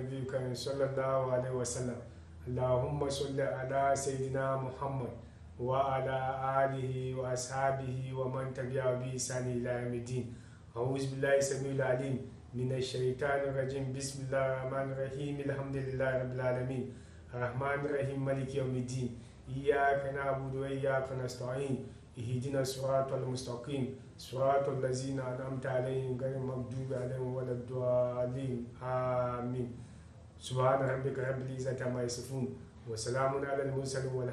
نبيك صلى الله عليه وسلم اللهم صل على سيدنا محمد وعلى آله وأصحابه ومن تبعه بإحسان إلى يوم الدين أعوذ بالله السميع العليم من الشيطان الرجيم بسم الله الرحمن الرحيم الحمد لله رب العالمين الرحمن الرحيم مالك يوم الدين إياك نعبد وإياك نستعين ihidina surata al-mustaqim surata lazina na amtalai gari magdubi a daga amin su ba na harbi ka harbi zata mai sufun wasu lamuna da musallu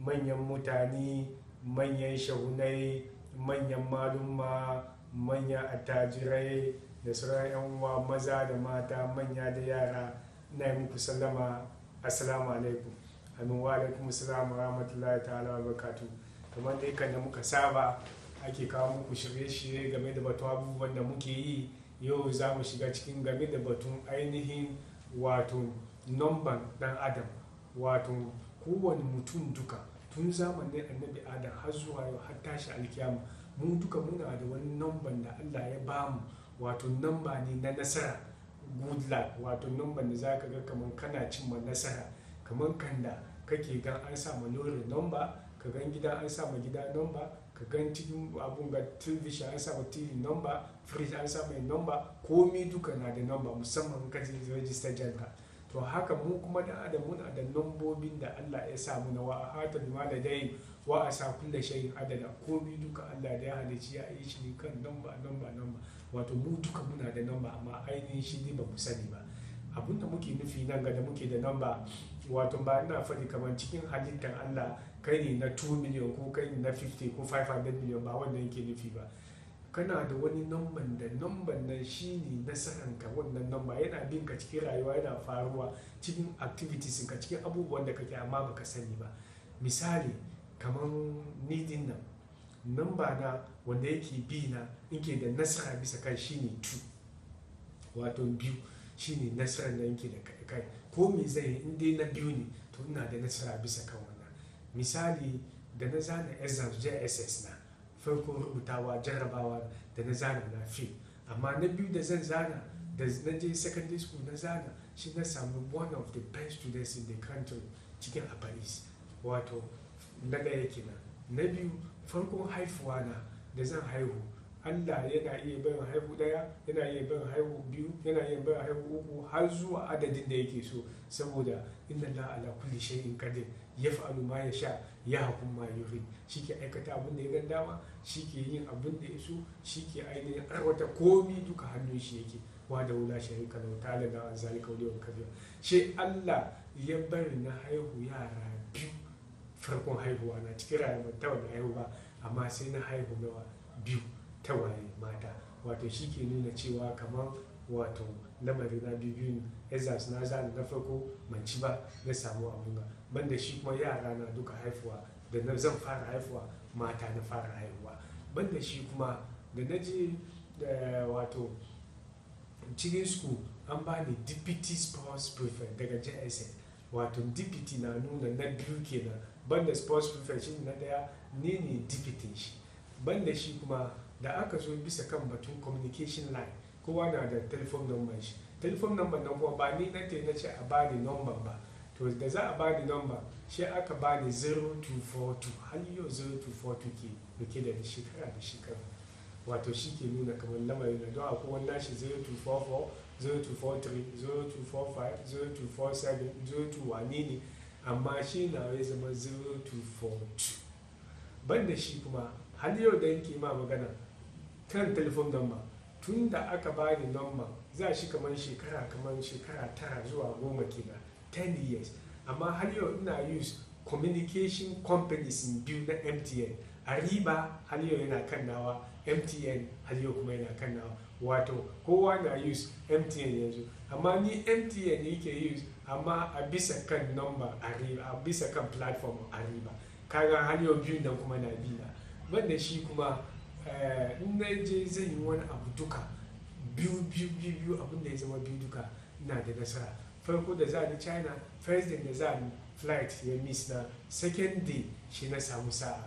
manyan mutane manyan shahunai manyan malumma manyan attajirai da surayen uwa maza da mata manya da yara na yi muku sallama asalamu alaikum amin wa alaikum salam wa rahmatullahi ta'ala wa barakatu kamar da yakan da muka saba ake kawo muku shirye-shirye game da batun abubuwan da muke yi yau za mu shiga cikin game da batun ainihin wato nomban dan adam wato kowane mutum duka tun zamanin annabi adam har zuwa yau har tashi alkiyama mu duka muna da wani nomban da allah ya bamu wato namba ne na nasara good luck wato nomban da za ka ga kamar kana cimma nasara kamar kanda kake gan an ma lori nomba ka gan gida an ma gida nomba ka gan cikin abun ga television an ma tv nomba fridge an sama nomba komi duka na da nomba musamman ka je register janka to haka mu kuma da adam muna da nombobin da Allah ya sa mu na wa a da dai, wa a sa kulla shay'in adada komi duka Allah da ya halici ya yi shi kan nomba nomba nomba wato mu duka muna da namba amma ainihin shi ne ba mu sani ba abinda muke nufi nan ga da muke da namba wato ba ina faɗi kamar cikin halittar Allah kai ne na 2 miliyan ko kai ne na 50 ko 500 miliyan ba wanda yake nufi ba kana da wani number da number nan shi ne ka wannan namba yana bin ka cikin rayuwa yana faruwa cikin activities ka cikin abubuwan da kake amma baka sani ba misali kamar nidin nan number na wanda yake bi na yake da nasara bisa kan shi ne 2 wato biyu shine nasarar da yake da kai ko me zai yi in dai na biyu ne to ina da nasara bisa kan wannan misali da na zana exams jss na farko rubutawa jarrabawa da na zana na fi amma na biyu da zan zana da na je secondary school na zana shi na samu one of the best students in the country cikin a paris wato na ɗaya kenan na biyu farkon haifuwa na da zan haihu Allah yana iya barin haihu ɗaya yana iya barin haihu biyu yana iya barin haihu uku har zuwa adadin da yake so saboda inna Allah ala kulli shay'in qadir yaf'alu ma yasha ya hukum ma yurid shike aikata abin da ya gan shi shike yin abin da ya so ke ainihin arwata komi duka hannun shi yake wa da wula sharika lahu ta da an zalika wa yawm shi Allah ya bari na haihu yara biyu farkon haihuwa na cikin rayuwar ta wani haihuwa amma sai na haihu nawa biyu tawaye mata wato shi ke nuna cewa kamar wato lamari na biyu exams na zani na farko ban ci ba na samu abunga ban da shi kuma yara na duka haifuwa da na zan fara haifuwa mata na fara haihuwa ban da shi kuma da na je eh, wato cikin su an ba ni deputy sports prefect daga jsn wato deputy na nuna na biyu kenan ban da sports prefect shi na daya ni ne deputy shi ban da shi kuma da aka zo bisa kan batun communication line kowa na da telephone number shi telephone number na kuma ba ni nake na ce a bani number ba to da za a bani number shi aka bani 0242 har yau 0242 ke rike da shekara da shekara wato shi ke nuna kamar lamarin da don akwai wannan shi 0244 0243 0245 0247 02 wane ne amma shi na wai zama 0242 banda shi kuma har yau da yake ma magana kan telefon number tun da aka ni nomba, za shi kamar shekara kamar shekara tara zuwa goma da. 10 years amma har yau ina use communication companies biyu na mtn a riba har yau yana kan nawa mtn har yau kuma yana kan nawa wato kowa na use mtn yanzu amma ni mtn yake use amma a bisa kan number a riba, a bisa kan platform a riba kaga har yau biyu nan kuma na biyu na banda shi kuma Eh, in na je zan yi wani abu duka biyu biyu biyu biyu abin da ya zama biyu duka na da nasara farko da za ni china first day da za ni flight ya miss na second day shi na samu sa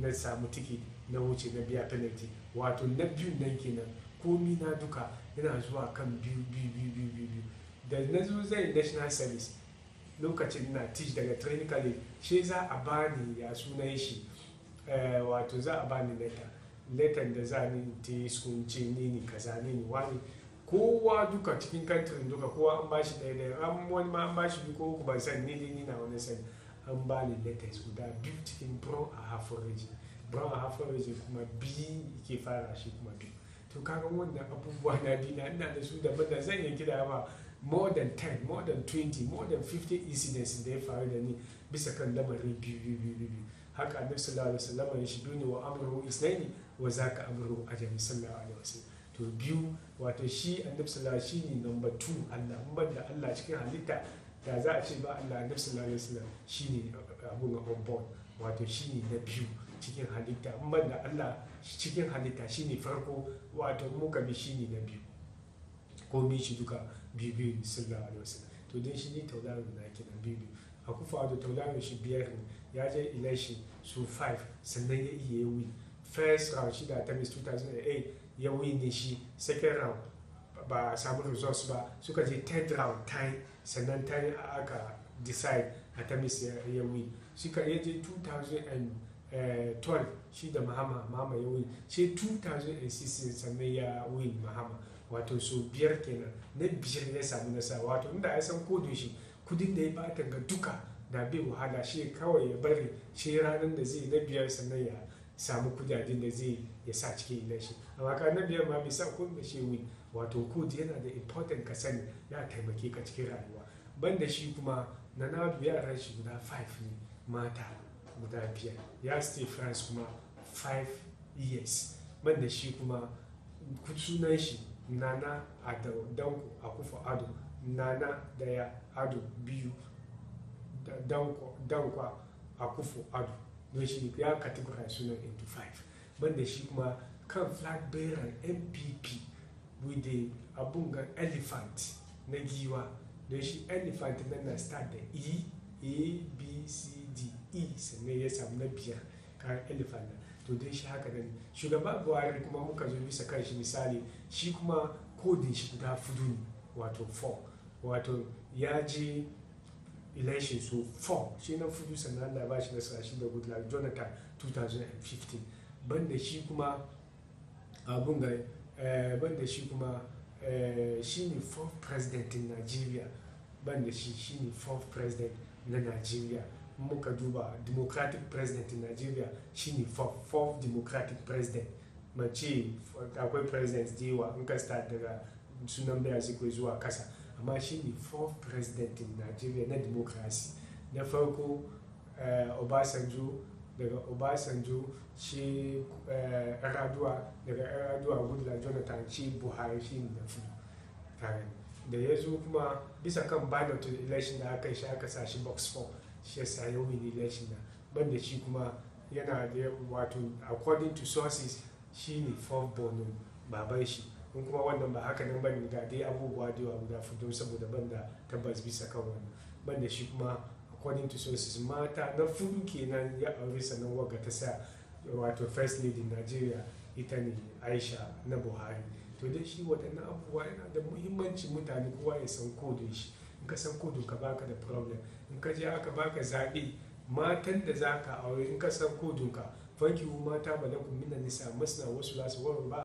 na samu ticket na wuce na biya penalty wato na biyu nan kenan komi na duka yana zuwa kan biyu biyu biyu biyu biyu da na zo zai national service lokacin na teach daga training college shi za a bani ya sunan shi eh, wato za a bani letter letan da za ni ta skunce ni ni kaza ni ni wani kowa duka cikin kantar duka kowa an ba shi ɗaya ɗaya an wani ma an ba shi duka uku ban san ni ni na wani sani an ba ni letters guda biyu cikin brown a half origin brown a half origin kuma biyu ke fara shi kuma biyu to kaga wannan abubuwa na dina ina da su daban da zan yi kira ma more than 10 more than 20 more than 50 incidents da ya faru da ni bisa kan lamarin biyu biyu biyu biyu haka annabi sallallahu alaihi wasallam ya shi duni wa amruhu isnaini wa zaka amruhu ajami sallallahu alaihi wasallam to biyu wato shi annabi sallallahu alaihi wasallam shine number 2 Allah mun bada Allah cikin halitta da za a ce ba Allah annabi sallallahu alaihi wasallam shine eh, abu na bombon wato shine na biyu cikin halitta mun bada Allah cikin halitta shine farko wato mu ka bi shine na biyu ko mi shi duka biyu biyu sallallahu alaihi wasallam to dan shi ne tauraron da kenan biyu biyu a kufa da tauraron shi biyar ne ya je election su 5 sannan ya iya win first round shi da tamis 2008 ya win ne shi second round ba a samu results ba suka je third round time sannan time aka decide a tamis ya win suka ya je 2012 shi da mahama mahama ya win shi 2016 sannan ya win mahama wato so biyar kenan na biyar ya samu nasa wato inda ya san kodin shi kudin da ya bata ga duka da bai wahala shi kawai ya bari shi ranar da zai na biyar sannan ya samu kudaden da zai ya sa cikin gidan shi amma ka na biyar ma bisa kun da shi win wato kudi yana da important ka sani ya taimake ka cikin rayuwa Ban da shi kuma na na yaran shi guda 5 ne mata guda biyar ya stay france kuma 5 years Ban da shi kuma sunan shi nana a danko a ado nana daya ado biyu dankwa a kufu adu don shi ya categorize sunan into five banda shi kuma kan flag bearer mpp with abun ga elephant na giwa don shi elephant na na start da e a b c d e sannan ya samu na biyar kan elephant na to dai shi haka nan shugaba buhari kuma muka zo bisa kan shi misali shi kuma kodin shi guda fudu ne wato 4 wato ya je election so 4 shi na fudu sannan Allah ba shi nasara shi da goodluck jonathan 2015 banda shi kuma abun ga eh, da shi kuma eh, shi ne fourth president in nigeria da shi shi ne fourth president na nigeria muka duba democratic president in nigeria shi ne fourth democratic president mace akwai president da yawa in ka start daga sunan da ya zuwa kasa amma shi ne fourth president in nigeria na democracy na farko eh, obasanjo daga obasanjo shi araduwa eh, daga araduwa goodluck jonathan shi buhari shi ne tare da ya zo kuma bisa kan ballot election da aka shi aka sa shi box 4 shi ya sa yau election na banda shi kuma yana da wato according to sources shi ne fourth born baban shi in kuma wannan ba haka nan bane ga dai abubuwa da yawa guda fito saboda ban da tabbas bisa kan wannan ban da shi kuma according to sources mata na fudu kenan ya aure sannan waga ta sa wato first lady Najeriya ita ne Aisha na Buhari to dai shi waɗannan abubuwa yana da muhimmanci mutane kowa ya san kodin shi in ka san kodin ka baka da problem in ka je aka baka zaɓe matan da za ka aure in ka san kodin ka fanki mata ba da kuma nisa masna wasu lasu waru ba